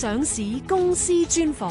上市公司專訪。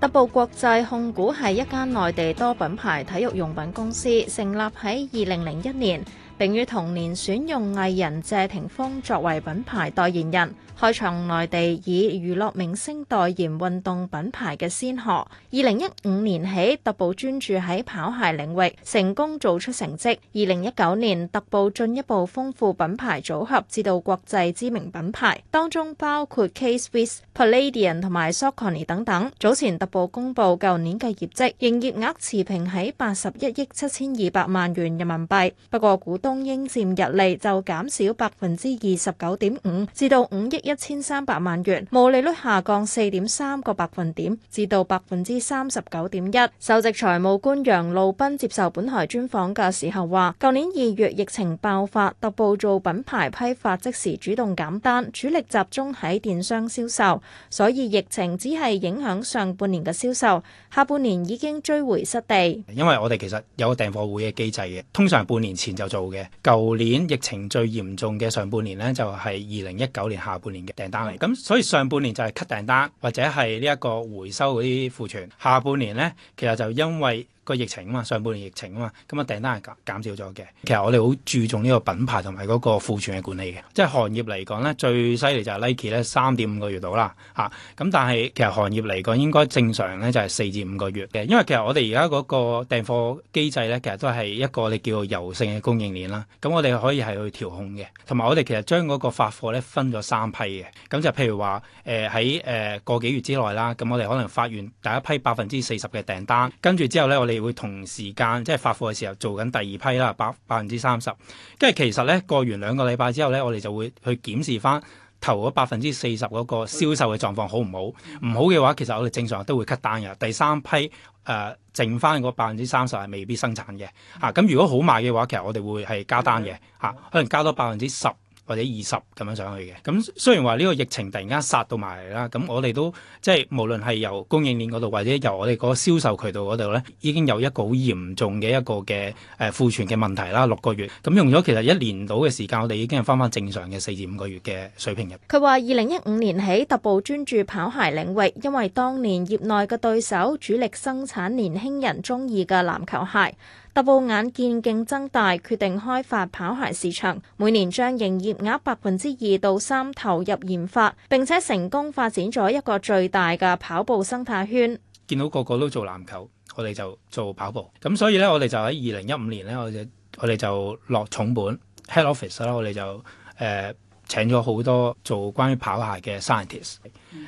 特步國際控股係一間內地多品牌體育用品公司，成立喺二零零一年。並於同年選用藝人謝霆鋒作為品牌代言人，開創內地以娛樂明星代言運動品牌嘅先河。二零一五年起，特步專注喺跑鞋領域，成功做出成績。二零一九年，特步進一步豐富品牌組合，至到國際知名品牌，當中包括 K-Swiss、Palladium 同埋 Saucony 等等。早前特步公佈舊年嘅業績，營業額持平喺八十一億七千二百萬元人民幣，不過股中英佔日利就減少百分之二十九點五，至到五億一千三百萬元，毛利率下降四點三個百分點，至到百分之三十九點一。首席財務官楊鷺彬接受本台專訪嘅時候話：舊年二月疫情爆發，特步做品牌批發即時主動減單，主力集中喺電商銷售，所以疫情只係影響上半年嘅銷售，下半年已經追回失地。因為我哋其實有個訂貨會嘅機制嘅，通常半年前就做。舊年疫情最嚴重嘅上半年呢，就係二零一九年下半年嘅訂單嚟，咁所以上半年就係 cut 訂單或者係呢一個回收嗰啲庫存，下半年呢，其實就因為。個疫情啊嘛，上半年疫情啊嘛，咁啊訂單係減少咗嘅。其實我哋好注重呢個品牌同埋嗰個庫存嘅管理嘅。即係行業嚟講咧，最犀利就係 Nike 咧，三點五個月到啦嚇。咁、啊、但係其實行業嚟講應該正常咧就係四至五個月嘅。因為其實我哋而家嗰個訂貨機制咧，其實都係一個你叫做柔性嘅供應鏈啦。咁我哋可以係去調控嘅，同埋我哋其實將嗰個發貨咧分咗三批嘅。咁就譬如話誒喺誒個幾月之內啦，咁我哋可能發完第一批百分之四十嘅訂單，跟住之後咧我哋會同時間，即係發貨嘅時候做緊第二批啦，百百分之三十，跟住其實咧過完兩個禮拜之後咧，我哋就會去檢視翻頭嗰百分之四十嗰個銷售嘅狀況，好唔好？唔好嘅話，其實我哋正常都會 cut 單嘅。第三批誒、呃，剩翻嗰百分之三十係未必生產嘅吓。咁、啊、如果好賣嘅話，其實我哋會係加單嘅吓，可能加多百分之十。或者二十咁樣上去嘅，咁雖然話呢個疫情突然間殺到埋嚟啦，咁我哋都即係無論係由供應鏈嗰度，或者由我哋嗰個銷售渠道嗰度呢，已經有一個好嚴重嘅一個嘅誒庫存嘅問題啦。六個月，咁用咗其實一年到嘅時間，我哋已經係返返正常嘅四至五個月嘅水平入。佢話：二零一五年起，特步專注跑鞋領域，因為當年業內嘅對手主力生產年輕人鍾意嘅籃球鞋。特步眼見競爭大，決定開發跑鞋市場，每年將營業額百分之二到三投入研發，並且成功發展咗一個最大嘅跑步生態圈。見到個個都做籃球，我哋就做跑步。咁所以咧，我哋就喺二零一五年咧，我就我哋就落重本 Head Office 啦，我哋就誒請咗好多做關於跑鞋嘅 scientist。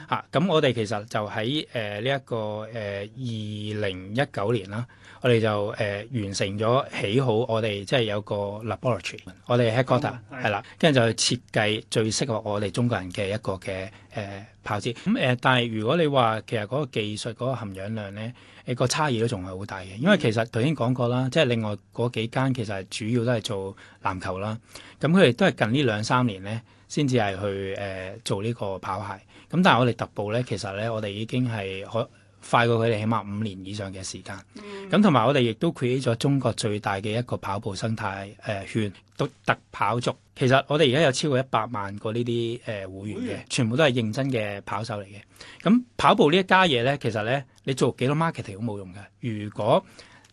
嚇！咁、啊、我哋其實就喺誒呢一個誒二零一九年啦、啊，我哋就誒、呃、完成咗起好我哋即係有個 laboratory，我哋 headquarter 係、哦、啦，跟住就去設計最適合我哋中國人嘅一個嘅誒炮子。咁、呃、誒，但係如果你話其實嗰個技術嗰、嗰個含氧量咧，誒、呃、個差異都仲係好大嘅，因為其實頭先講過啦，即係另外嗰幾間其實主要都係做籃球啦，咁佢哋都係近呢兩三年咧。先至係去誒、呃、做呢個跑鞋，咁、嗯、但係我哋特步咧，其實咧我哋已經係可快過佢哋起碼五年以上嘅時間。咁同埋我哋亦都 create 咗中國最大嘅一個跑步生態誒、呃、圈，都特跑族。其實我哋而家有超過一百萬個呢啲誒會員嘅，全部都係認真嘅跑手嚟嘅。咁、嗯、跑步呢一家嘢咧，其實咧你做幾多 marketing 都冇用㗎。如果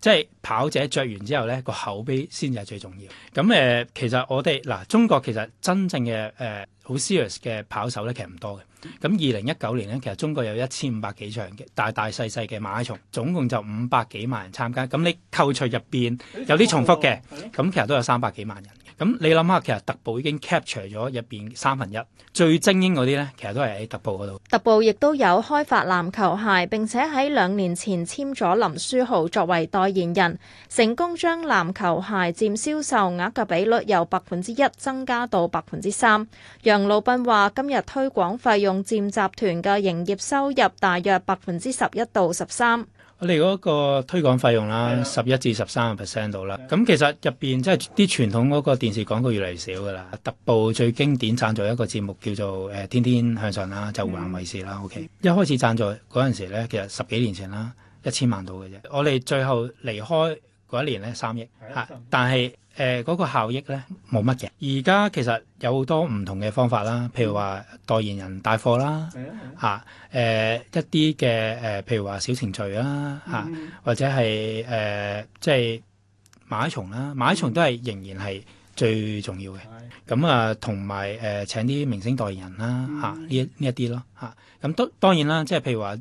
即係跑者着完之後咧，個口碑先係最重要。咁、嗯、誒，其實我哋嗱，中國其實真正嘅誒好 serious 嘅跑手咧，其實唔多嘅。咁二零一九年咧，其實中國有一千五百幾場嘅大大細細嘅馬拉松，總共就五百幾萬人參加。咁你扣除入邊有啲重複嘅，咁其實都有三百幾萬人。咁你諗下，其實特步已經 capture 咗入邊三分一最精英嗰啲呢，其實都係喺特步嗰度。特步亦都有開發籃球鞋，並且喺兩年前簽咗林書豪作為代言人，成功將籃球鞋佔銷售額嘅比率由百分之一增加到百分之三。楊鷺彬話：今日推廣費用佔集團嘅營業收入大約百分之十一到十三。我哋嗰個推廣費用啦，十一的至十三個 percent 到啦。咁的其實入邊即係啲傳統嗰個電視廣告越嚟越少㗎啦。特步最經典贊助一個節目叫做《誒、呃、天天向上》啦，就湖南衞視啦。嗯、O.K. 一開始贊助嗰陣時咧，其實十幾年前啦，一千萬到嘅啫。我哋最後離開嗰一年咧，三億嚇，的但係。誒嗰、呃那個效益咧冇乜嘅，而家其實有好多唔同嘅方法啦，譬如話代言人帶貨啦，嚇、啊，誒、呃、一啲嘅誒，譬如話小程序啦，嚇、啊，或者係誒即係馬拉松啦，馬拉松都係仍然係。最重要嘅，咁啊，同埋誒，請啲明星代言人啦，吓呢、嗯啊、一呢一啲咯，吓咁都當然啦，即係譬如話誒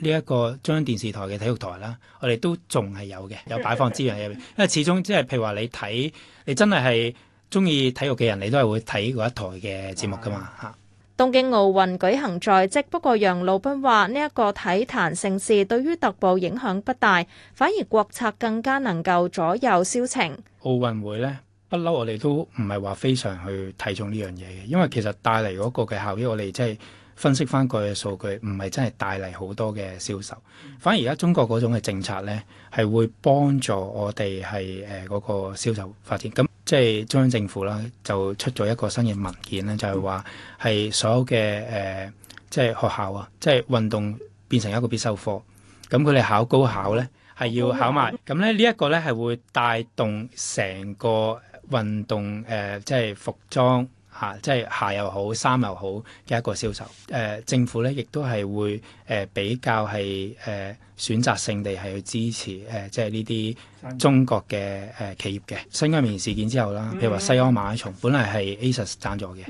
呢一個中央電視台嘅體育台啦，我哋都仲係有嘅，有擺放資源喺入邊，因為始終即係譬如話，你睇，你真係，係中意體育嘅人，你都係會睇嗰一台嘅節目噶嘛。吓東京奧運舉行在即，不過楊鷺彬話，呢一個體壇盛事對於特步影響不大，反而國策更加能夠左右銷情。奧運會咧？不嬲，我哋都唔係話非常去睇重呢樣嘢嘅，因為其實帶嚟嗰個嘅效益，我哋即係分析翻過嘅數據，唔係真係帶嚟好多嘅銷售。反而而家中國嗰種嘅政策咧，係會幫助我哋係誒嗰個銷售發展。咁即係中央政府咧，就出咗一個新嘅文件咧，就係話係所有嘅誒、呃，即係學校啊，即係運動變成一個必修科。咁佢哋考高考咧，係要考埋。咁咧呢一個咧係會帶動成個。運動誒即係服裝嚇，即係鞋又好、衫又好嘅一個銷售誒。政府咧亦都係會誒比較係誒選擇性地係去支持誒即係呢啲中國嘅誒企業嘅。新疆棉事件之後啦，譬如話西安馬拉松本嚟係 ASICS 贊助嘅，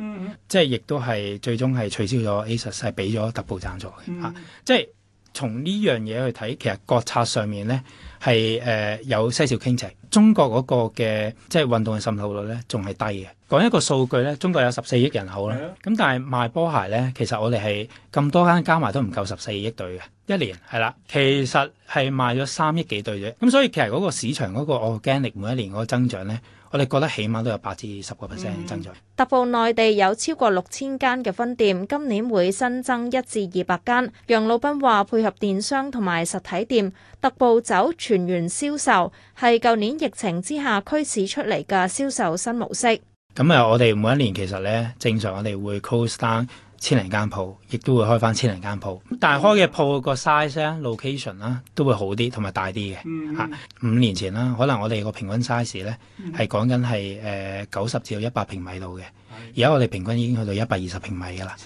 即係亦都係最終係取消咗 ASICS 係俾咗特步贊助嘅嚇。即係從呢樣嘢去睇，其實國策上面咧係誒有些少傾斜。中國嗰個嘅即係運動嘅滲透率咧，仲係低嘅。講一個數據咧，中國有十四億人口啦，咁的但係賣波鞋咧，其實我哋係咁多間加埋都唔夠十四億對嘅一年係啦。其實係賣咗三億幾對啫，咁所以其實嗰個市場嗰個 organic 每一年嗰個增長咧，我哋覺得起碼都有八至十個 percent 增長。嗯、特步內地有超過六千間嘅分店，今年會新增一至二百間。楊鷺彬話配合電商同埋實體店，特步走全員銷售。係舊年疫情之下驅使出嚟嘅銷售新模式。咁啊，我哋每一年其實咧，正常我哋會 close 單千零間鋪，亦都會開翻千零間鋪。但係開嘅鋪個 size 啦、location 啦，都會好啲同埋大啲嘅。嚇、啊，五年前啦，可能我哋個平均 size 咧係講緊係誒九十至到一百平米度嘅。而家我哋平均已經去到一百二十平米噶啦。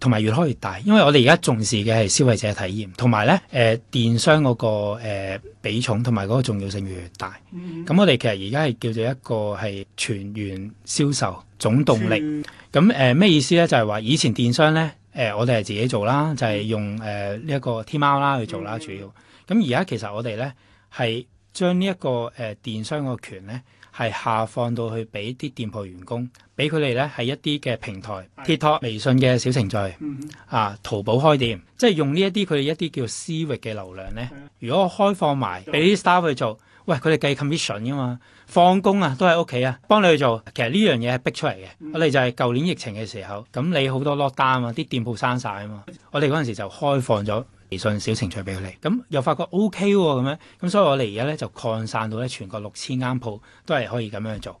同埋越開越大，因為我哋而家重視嘅係消費者嘅體驗，同埋咧誒電商嗰、那個、呃、比重同埋嗰個重要性越嚟越大。咁、嗯、我哋其實而家係叫做一個係全員銷售總動力。咁誒咩意思咧？就係、是、話以前電商咧誒、呃、我哋係自己做啦，就係、是、用誒呢一個天貓啦去做啦、嗯、主要。咁而家其實我哋咧係。將呢一個誒、呃、電商個權咧，係下放到去俾啲店鋪員工，俾佢哋咧係一啲嘅平台 TikTok、微信嘅小程序，mm hmm. 啊，淘寶開店，即係用呢一啲佢哋一啲叫私域嘅流量咧。Mm hmm. 如果我開放埋俾啲 staff 去做，喂，佢哋計 commission 噶嘛，放工啊都喺屋企啊幫你去做。其實呢樣嘢係逼出嚟嘅，mm hmm. 我哋就係舊年疫情嘅時候，咁你好多 lockdown 啊嘛，啲店鋪閂晒啊嘛，我哋嗰陣時就開放咗。Hmm. Mm 微信小程序俾佢哋，咁又發覺 OK 喎，咁樣，咁所以我哋而家咧就擴散到咧全國六千間鋪都係可以咁樣做。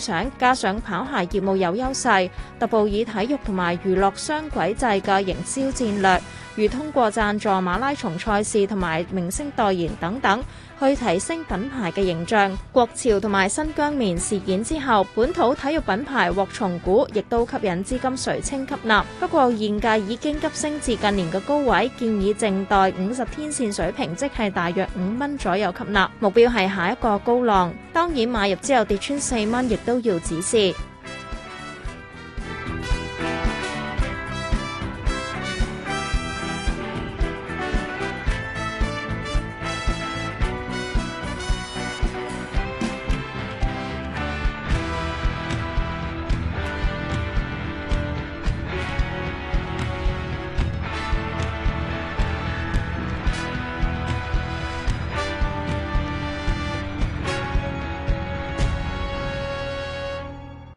加上跑鞋業務有優勢，特步以體育同埋娛樂雙軌制嘅營銷戰略。如通過贊助馬拉松賽事同埋明星代言等等，去提升品牌嘅形象。國潮同埋新疆棉事件之後，本土體育品牌獲重估，亦都吸引資金垂青吸納。不過現價已經急升至近年嘅高位，建議靜待五十天線水平，即係大約五蚊左右吸納。目標係下一個高浪。當然買入之後跌穿四蚊，亦都要止蝕。